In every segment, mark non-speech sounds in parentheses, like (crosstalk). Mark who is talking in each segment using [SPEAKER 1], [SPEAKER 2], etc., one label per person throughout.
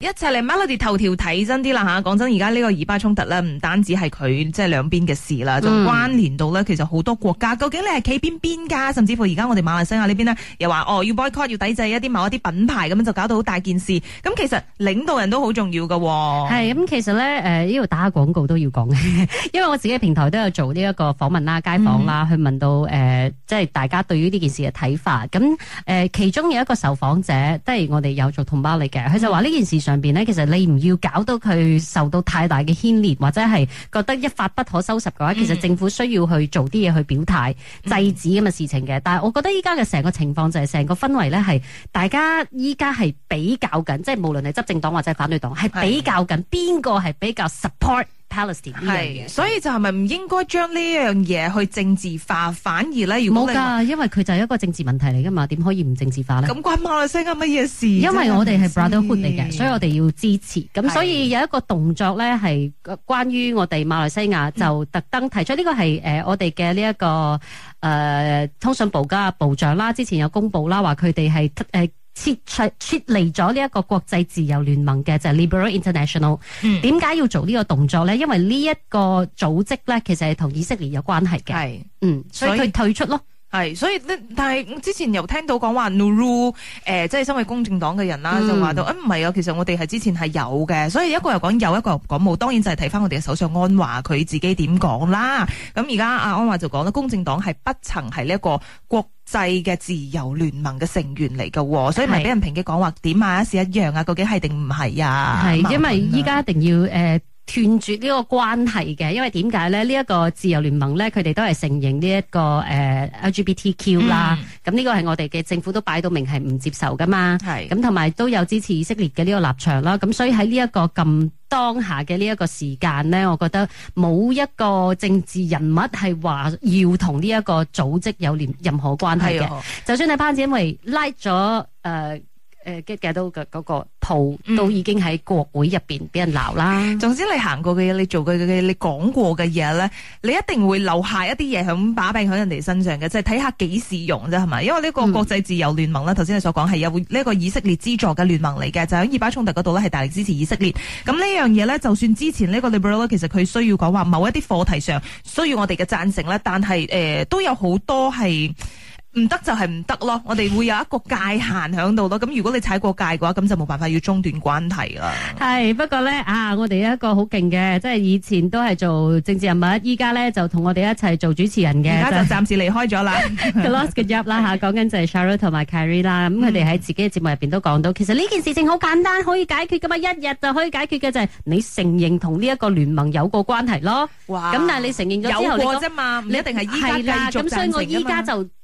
[SPEAKER 1] 一齊嚟《Melody 頭條》睇真啲啦吓！講真，而家呢個以巴衝突咧，唔單止係佢即係兩邊嘅事啦，就、嗯、關聯到咧，其實好多國家究竟你係企邊邊家，甚至乎而家我哋馬來西亞呢邊呢，又話哦要 boycott，要抵制一啲某一啲品牌，咁就搞到好大件事。咁其實領導人都好重要噶。係咁，其實咧誒，呢、呃、度打下廣告都要講，因為我自己嘅
[SPEAKER 2] 平台都有做呢一個訪問啦，街訪啦、嗯，去問到誒，即、呃、係大家對於呢件事嘅睇法。咁、呃、誒，其中有一個受訪者都係我哋有做同胞嚟嘅，佢就話呢件事、嗯。上邊咧，其實你唔要搞到佢受到太大嘅牽連，或者係覺得一發不可收拾嘅話、嗯，其實政府需要去做啲嘢去表態制止咁嘅事情嘅、嗯。但係我覺得依家嘅成個情況就係、是、成個氛圍咧，係大家依家係比較緊，即係無論係執政黨或
[SPEAKER 1] 者係反對黨，係比較緊邊個係比較 support。Palestine 係，所以就係咪唔應該將呢樣嘢去政治化？反而咧，如果冇噶，因為佢就係一個政治問
[SPEAKER 2] 題嚟噶嘛，點可以唔政治化咧？咁、嗯、關馬來西亞乜嘢事？因為我哋係 brotherhood 嚟嘅，所以我哋要支持。咁所以有一個動作咧，係關於我哋馬來西亞就特登提出，呢、嗯、這個係誒、呃、我哋嘅呢一個誒、呃、通訊部嘅部長啦，之前有公布啦，話佢哋係誒。呃撤出撤離咗呢一個國際自由聯盟嘅就係、Liberal International，點、嗯、解要做呢個動作咧？因為呢一個組織咧，
[SPEAKER 1] 其實係同以色列有關係嘅，嗯，所以佢退出咯。係，所以但係之前又聽到講話 Nuru，誒、呃，即係身為公正黨嘅人啦、嗯，就話到，誒唔係啊，其實我哋係之前係有嘅，所以一個又講有，一個又講冇，當然就係睇翻我哋嘅首相安華佢自己點講啦。咁而家阿安華就講啦，公正黨係不曾係呢一個國際嘅自由聯盟嘅成員嚟噶，所以咪俾人評擊講話點啊，是一樣啊，究竟係定唔係啊？係，因為依家一定要誒。呃斷絕呢個關係嘅，因為點解咧？呢、這、
[SPEAKER 2] 一個自由聯盟咧，佢哋都係承認呢、這、一個誒、呃、LGBTQ 啦。咁呢個係我哋嘅政府都擺到明係唔接受㗎嘛。係。咁同埋都有支持以色列嘅呢個立場啦。咁所以喺呢一個咁當下嘅呢一個時間咧，我覺得冇一個政治人物係話要同呢一個組織有連任何關係嘅。就算你班子因為拉咗誒。呃誒，嘅嘅嗰個鋪都已經
[SPEAKER 1] 喺國會入面俾人鬧啦、嗯嗯嗯。總之你行過嘅嘢，你做嘅嘢、你講過嘅嘢咧，你一定會留下一啲嘢，響把柄喺人哋身上嘅，即係睇下幾時用啫，係咪？因為呢個國際自由聯盟啦，頭先你所講係有呢個以色列資助嘅聯盟嚟嘅，就喺以巴衝突嗰度呢，係大力支持以色列。咁呢樣嘢咧，就算之前呢個 liberal 其實佢需要講話某一啲課題上需要我哋嘅贊成呢，但係、呃、都有好多係。唔得就係唔得咯，我哋會有一個界限喺度咯。咁如果你踩過界嘅話，咁就冇辦法要中斷關係
[SPEAKER 2] 啦。係，不過咧啊，我哋一個好勁嘅，即係以前都係做政治人物，依家咧就同我哋一齊做主持人嘅。而家就暫時離開咗啦，close the gap 啦吓。講緊就係 Charles 同埋 Carrie 啦，咁佢哋喺自己嘅節目入邊都講到、嗯，其實呢件事情好簡單，可以解決噶嘛，一日就可以解決嘅就係、是、你承認同呢一個聯盟有過關係咯。哇！咁但係你承認咗之後，有過啫嘛，唔一定係依家繼續進行嘅。咁所以我依家就。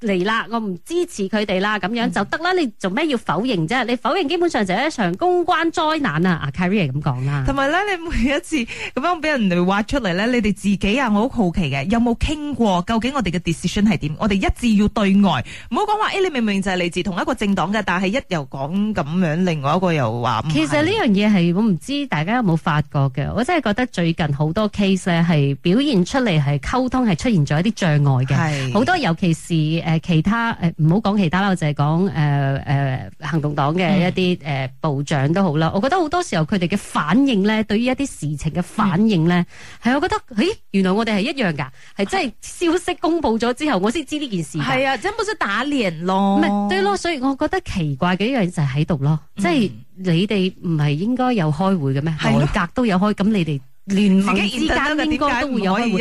[SPEAKER 2] 嚟啦，我唔支持佢哋啦，咁樣就得啦、嗯。你做咩要否認啫？你否認基本上就係一場公關災
[SPEAKER 1] 難啊！阿 Carrie 咁講啦。同埋咧，你每一次咁樣俾人哋挖出嚟咧，你哋自己啊，我好好奇嘅，有冇傾過？究竟我哋嘅 decision 係點？我哋一致要對外，唔好講話。誒、哎，你明明就係嚟自同一個政黨嘅，但係一又講咁樣，另外一個又話。其實呢樣嘢係我唔知大家有冇發覺嘅，我真係覺得最近好多 case 咧係表
[SPEAKER 2] 現出嚟係溝通係出現咗一啲障礙嘅，好多尤其是。誒、呃，其他誒，唔好講其他啦，就係講誒誒，行動黨嘅一啲誒、呃、部長都好啦、嗯。我覺得好多時候佢哋嘅反應咧，對於一啲事情嘅反應咧，係、嗯、我覺得，誒，原來我哋係一樣噶，係真係消息公布咗之後，我先知呢件事。係啊，真係冇識打人咯。唔係、嗯、對咯，所以我覺得奇怪嘅一樣就係喺度咯，嗯、即係你哋唔係應該有開會嘅咩？係、嗯、咯，格都有開。咁你哋聯盟之間應該都會有開會。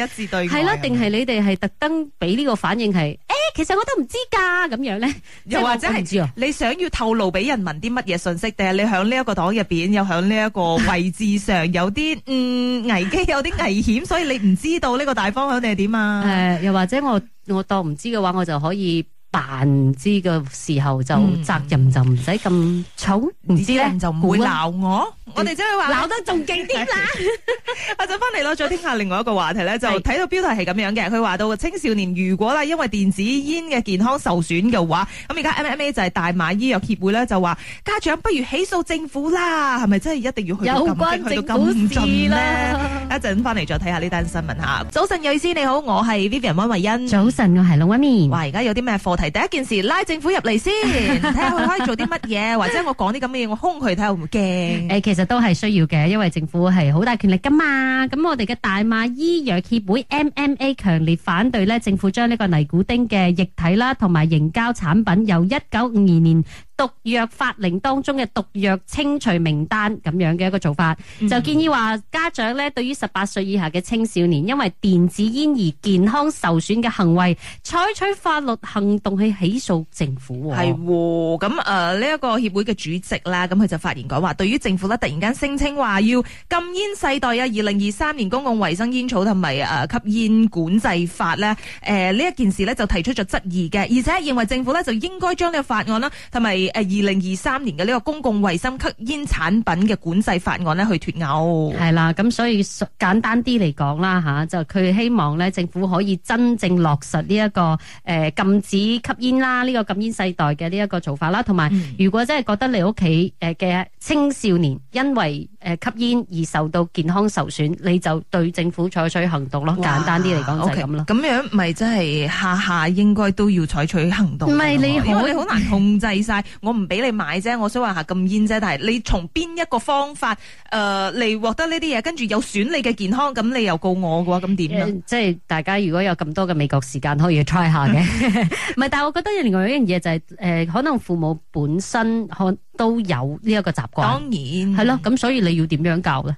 [SPEAKER 1] 係啦、啊，定係你哋係特登俾呢個反應係？其實我都唔知噶，咁樣咧，又或者係你想要透露俾人民啲乜嘢信息，定係你喺呢一個黨入邊，又喺呢一個位置上有啲 (laughs) 嗯，危機，有啲危險，所以你唔知道呢個大方向定係點啊？誒，又或者我我當唔知嘅話，我就可以扮唔知嘅時候就責任就唔使咁重，唔、嗯、知咧就唔會鬧我。 (laughs) (music) 我哋真係話鬧得仲勁啲啦！一陣翻嚟咯，再聽下另外一個話題咧，就睇到標題係咁樣嘅，佢話到青少年如果啦，因為電子煙嘅健康受損嘅話，咁而家 MMA 就係大馬醫藥協會咧，就話家長不如起訴政府啦，係咪真係一定要去到有關政府事咁咧？一陣翻嚟再睇下呢單新聞嚇。早晨，瑞思你好，我係 Vivian 温慧欣。早晨，我係老屈棉。哇，而家有啲咩課題？第一件事拉政府入嚟先，睇下佢可以做啲乜嘢， (laughs) 或者我講啲咁嘅嘢，我空佢睇下會唔會驚？
[SPEAKER 2] 誒、欸，其實。都係需要嘅，因為政府係好大權力㗎嘛。咁我哋嘅大馬醫藥協會 MMA 強烈反對政府將呢個尼古丁嘅液體啦，同埋凝膠產品由一九五二年。毒藥法令當中嘅毒藥清除名單咁樣嘅一個做法，就建議話家長咧，對於十八歲以下嘅青少年，因為電子煙而健康受損嘅行為，採取法律行動去起訴政府。係，
[SPEAKER 1] 咁誒呢一個協會嘅主席啦，咁佢就發言講話，對於政府呢突然間聲稱話要禁煙世代啊，二零二三年公共衛生煙草同埋誒吸煙管制法呢，誒呢一件事呢就提出咗質疑嘅，而且認為政府呢就應該將呢個法案啦同埋。誒，二零二三年嘅呢個公共衛生吸煙產品嘅管制法案咧，去脱鈎，係啦。咁所以簡單啲嚟講啦，吓就佢
[SPEAKER 2] 希望咧，政府可以真正落實呢一個誒禁止吸煙啦，呢個禁煙世代嘅呢一個做法啦。同埋，如果真係覺得你屋企誒嘅。青少年因為誒吸煙而受到健康受損，你就對政府採取行動咯。簡單啲嚟講就係咁啦。咁、
[SPEAKER 1] okay, 咁樣咪真係下下應該都要採取行動。唔係你好，你好難控制晒，我唔俾你買啫，我想話下咁煙啫。但係你從邊一個方法誒嚟獲得呢啲嘢，跟住有損你嘅健康，咁你又告我嘅話，咁點樣呢、呃、即係大家如果有咁多嘅美國時間可以 try 下嘅。唔 (laughs) 係， (laughs) 但係我覺得另外有一樣
[SPEAKER 2] 嘢就係、是、誒、呃，可能父母本身可。都有呢一個習慣，當然係咯，咁所以你要點樣教咧？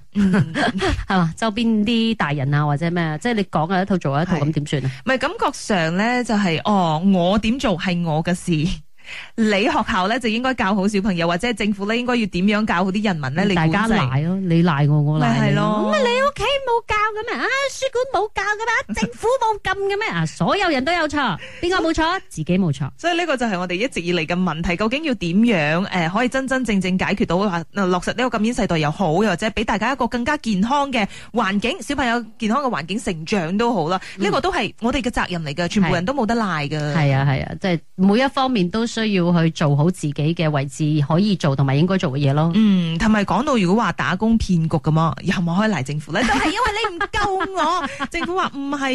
[SPEAKER 2] 係 (laughs) 嘛， (laughs) 周邊啲大人啊，或者咩，即係你講嘅一套做一套，咁點算咧？
[SPEAKER 1] 唔係感覺上咧，就係、是、哦，我點做係我嘅事。你學校咧就應該教好小朋友，或者政府咧應該要點樣教好啲人民咧？你大家賴咯，你賴我，我賴你係咯。咁、就、啊、是，不不你屋企冇教嘅咩？啊，書館冇教嘅咩？政府冇禁嘅咩？ (laughs) 啊，所有人都有錯，邊個冇錯？ (laughs) 自己冇錯。所以呢個就係我哋一直以嚟嘅問題，究竟要點樣誒、呃、可以真真正正解決到、啊、落實呢個禁煙世代又好，又或者俾大家一個更加健康嘅環境，小朋友健康嘅環境成長都好啦。呢、嗯呢個都係我哋嘅責任嚟嘅，全部人都冇得賴噶。係啊係啊，即係、啊就是、每一方
[SPEAKER 2] 面都想需要去做好自己嘅位置，可以做同埋應該做嘅嘢咯。嗯，同埋講到
[SPEAKER 1] 如果話打工騙局咁嘛，又咪可以賴政府咧？就 (laughs) 係因為你唔救我， (laughs) 政府話唔係，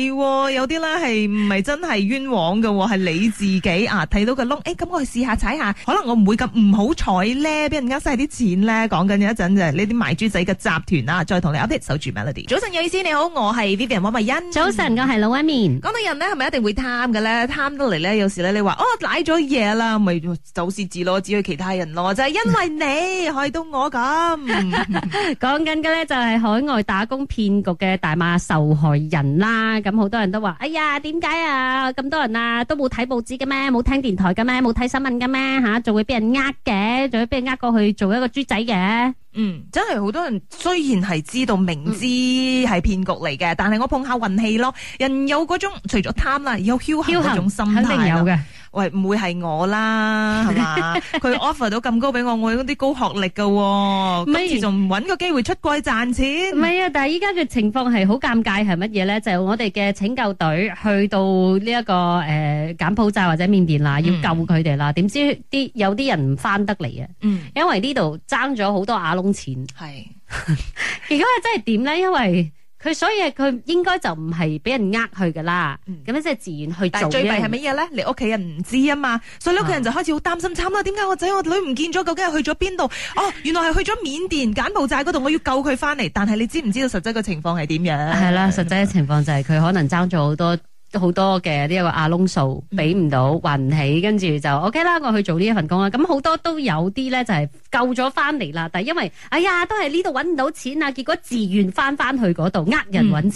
[SPEAKER 1] 有啲咧係唔係真係冤枉嘅，係你自己啊！睇到個窿，咁、欸、我去試下踩下，可能我唔會咁唔好彩咧，俾人呃晒啲錢咧。講緊一陣就呢、係、啲賣豬仔嘅集團啦、啊，再同你 update 守住 Melody。早晨有意思你好，我係 Vivian 汪慧欣。早晨，我係老一面。講到人咧，係咪一定會貪嘅咧？貪得嚟咧，有時咧你話哦，賴咗嘢啦。咪、啊、走私字咯，只去其他人咯，就係、是，因為你 (laughs) 害到我咁。講緊嘅咧就係海外打工騙局嘅大馬受害人啦。
[SPEAKER 2] 咁好多人都話，哎呀，點解啊咁多人啊，都冇睇報紙嘅咩，冇聽電台嘅咩，
[SPEAKER 1] 冇睇新聞嘅咩吓，仲會俾人呃嘅，仲會俾人呃過去做一個豬仔嘅。嗯，真係好多人雖然係知道明知係騙局嚟嘅，嗯，但係我碰下運氣咯。人有嗰種除咗貪啦，有僥倖種心態，肯定有嘅。喂，唔會係我啦，係 (laughs) 嘛？佢 offer 到咁高俾我，我有啲高學歷噶，跟住仲唔搵個機會出去賺錢。唔係啊，但係依家嘅情況係好尷尬，係乜嘢咧？就係，我
[SPEAKER 2] 哋嘅拯救隊去到呢、這、一個誒、呃、柬埔寨或者緬甸啦，要救佢哋啦。點、嗯、知啲有啲人唔翻得嚟啊？因為呢度爭咗好多瓦屋。工
[SPEAKER 1] 錢
[SPEAKER 2] 係， (laughs) 如果係真係點咧？因為佢所以佢應該就唔係
[SPEAKER 1] 俾人呃、嗯、去噶啦，咁樣即係自願去做。但係最弊係乜嘢咧？你屋企人唔知啊嘛，所以你屋企人就開始好擔心慘啦。點解我仔我女唔見咗？究竟係去咗邊度？ (laughs) 哦，原來係去咗緬甸柬埔寨嗰度，我要救佢翻嚟。但係你知唔知道實際嘅情況係點樣？係啦，實
[SPEAKER 2] 際嘅情況就係佢可能爭咗好多。好多嘅呢一個阿窿數俾唔到，還唔起，跟住就 OK 啦，我去做呢一份工啦。咁好多都有啲咧，就係救咗翻嚟啦，但係因為哎呀，
[SPEAKER 1] 都係呢度搵唔到錢啊，結果自願翻翻去嗰度呃人搵錢，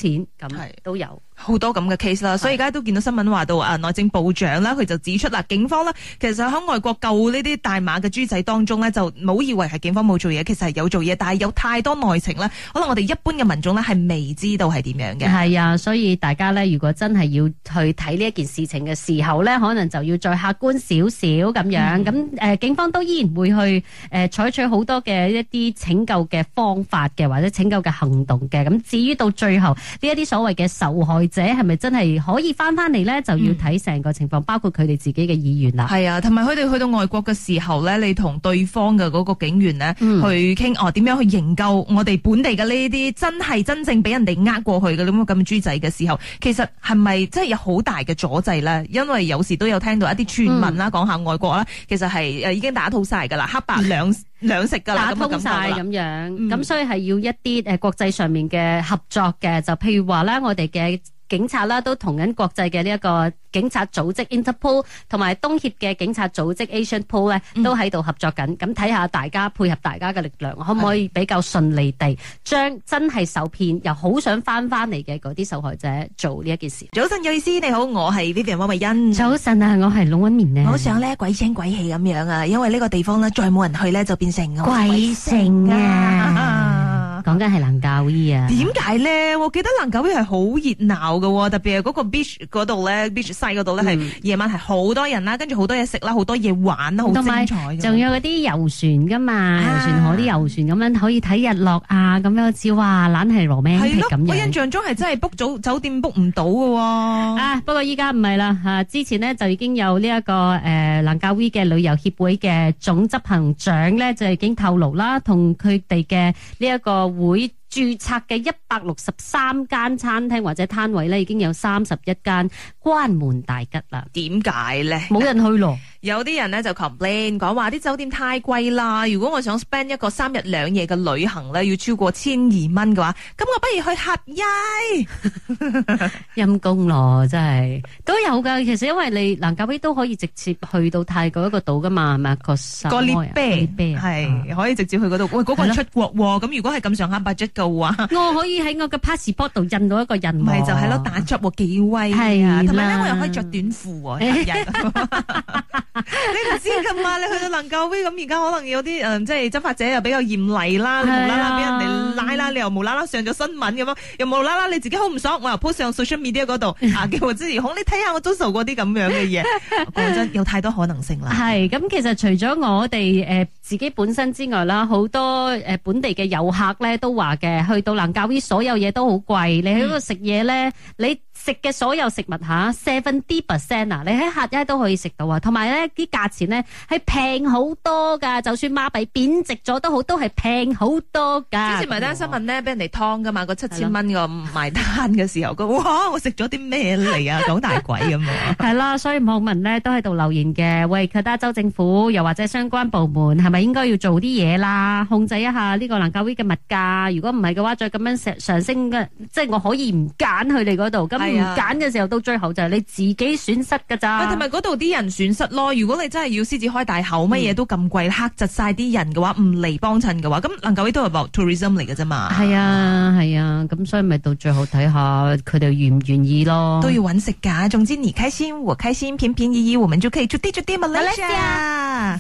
[SPEAKER 1] 咁、
[SPEAKER 2] 嗯、都有。
[SPEAKER 1] 好多咁嘅 case 啦，所以而家都見到新聞話到啊，內政部長啦，佢就指出啦，警方咧其實響外國救呢啲大馬嘅豬仔當中咧，就唔好以為係警方冇做嘢，其實係有做嘢，但係有太多內情咧，可能我哋一般嘅民眾咧係未知道係點樣嘅。係啊，所以
[SPEAKER 2] 大家咧如果真係要去睇呢一件事情嘅時候咧，可能就要再客觀少少咁樣。咁、嗯、誒警方都依然會去誒採取好多嘅一啲拯救嘅方法嘅，或者拯救嘅行動嘅。咁至於到最後呢一啲所謂嘅受害，或者係咪真係可以翻翻嚟咧？就要睇成個情況，嗯、包括佢哋自己嘅意願啦。係啊，
[SPEAKER 1] 同埋佢哋去到外國嘅時候咧，你同對方嘅嗰個警員咧、嗯、去傾哦，點樣去營救我哋本地嘅呢啲真係真正俾人哋呃過去嘅咁嘅咁嘅豬仔嘅時候，其實係咪真係有好大嘅阻滯咧？因為有時都有聽到一啲傳聞啦，講、嗯、下外國啦，其實係誒已經打通晒㗎啦，黑白兩、嗯、兩食㗎啦，打通晒咁樣，樣，
[SPEAKER 2] 咁、嗯、所以係要一啲誒國際上面嘅合作嘅，就譬如話咧，我哋嘅。警察啦，都同緊國際嘅呢一個警察組織 Interpol，同埋東協嘅警察組織 Asian Pol 咧，都喺度合作緊。咁睇下大家配合大家嘅力量，可唔可以比較順利地將真係受騙又好想翻翻嚟嘅嗰啲受害者做呢一件事？
[SPEAKER 1] 早晨，瑞師你好，我係 Vivian 汪慧欣。早晨啊，我係龍穩棉呢。好想咧鬼聲鬼氣咁樣啊，因為呢個地方咧再冇人去咧就變成鬼城啊。講緊係冷。留意啊！點解咧？我記得蘭教 V 係好熱鬧嘅，特別係嗰個 beach 嗰度咧，beach 西嗰度咧係夜晚係好多人啦，跟住好多嘢食啦，好多嘢玩啦，好精彩的！仲有嗰啲遊船噶嘛？遊、啊、船河啲遊船咁樣可
[SPEAKER 2] 以睇日落啊！咁樣似哇，懶係羅咩咁樣我印象中係真係 book 早酒店 book 唔到嘅，啊！不過依家唔係啦，吓之前呢就已經有呢、這、一個誒蘭、呃、教 V 嘅旅遊協會嘅總執行長咧就已經透露啦，同佢哋嘅呢一個會。註冊嘅一百六十三間餐廳或者攤位咧，
[SPEAKER 1] 已經有三十一間關門大吉啦。點解呢？冇人去咯。有啲人咧就 complain 講話啲酒店太貴啦。如果我想 spend 一個三日兩夜嘅旅行咧，要超過千二蚊嘅話，咁我不如去合艾，
[SPEAKER 2] 陰公咯，真係都有噶。其實因為你蘭卡威都可以直接去到泰國一個島噶嘛，係、那、咪、個？個個禮拜
[SPEAKER 1] 係可以直接去嗰度。喂、哎，嗰、那個出國咁，如果係咁上下 budget 嘅話，我可以喺我嘅 passport 度印到一個印唔係就係咯，打 job 幾威啊！同埋咧，我又可以着短褲。 (laughs) 你唔知噶嘛？你去到南教咁，而家可能有啲誒，即係執法者又比較嚴厲啦，無啦啦俾人哋拉啦，你又無啦啦上咗新聞咁樣，又無啦啦你自己好唔爽，我又 post 上 social media 嗰度啊、嗯，叫我支持好，你睇下我都受過啲咁樣嘅嘢。講真，有太多可能性
[SPEAKER 2] 啦。係咁，其實除咗我哋誒自己本身之外啦，好多誒本地嘅遊客咧都話嘅，去到南教、v、所有嘢都好貴，你喺度食嘢咧，你。食嘅所有食物吓 s e t 分 percent 啊，你喺客街都可以食到啊，同埋咧啲價
[SPEAKER 1] 錢咧係平好多噶，就算馬幣貶值咗都好，都係平好多噶。之前埋單新聞咧，俾人哋劏噶嘛，個七千蚊個埋單嘅時候，個哇我食咗啲咩嚟啊？ (laughs) 講大
[SPEAKER 2] 鬼咁啊！係 (laughs) 啦，所以網民咧都喺度留言嘅，喂，佢得州政府又或者相關部門係咪應該要做啲嘢啦，控制一下呢個蘭卡 V 嘅物價？如果唔係嘅話，再咁樣上升嘅，即、就、係、是、我可以唔揀佢哋嗰度咁。揀
[SPEAKER 1] 嘅時候到最後就係你自己損失噶咋，同埋嗰度啲人損失咯。如果你真係要獅子開大口，乜嘢都咁貴，黑疾晒啲人嘅話，唔嚟幫襯嘅話，咁能夠呢都係 about tourism 嚟嘅啫嘛。
[SPEAKER 2] 係啊係啊，咁、啊、所以咪到最後睇下佢哋願唔願
[SPEAKER 1] 意咯。都要揾食噶，總之你開心我開心，平平宜宜，我們就可以出啲出啲馬來西亞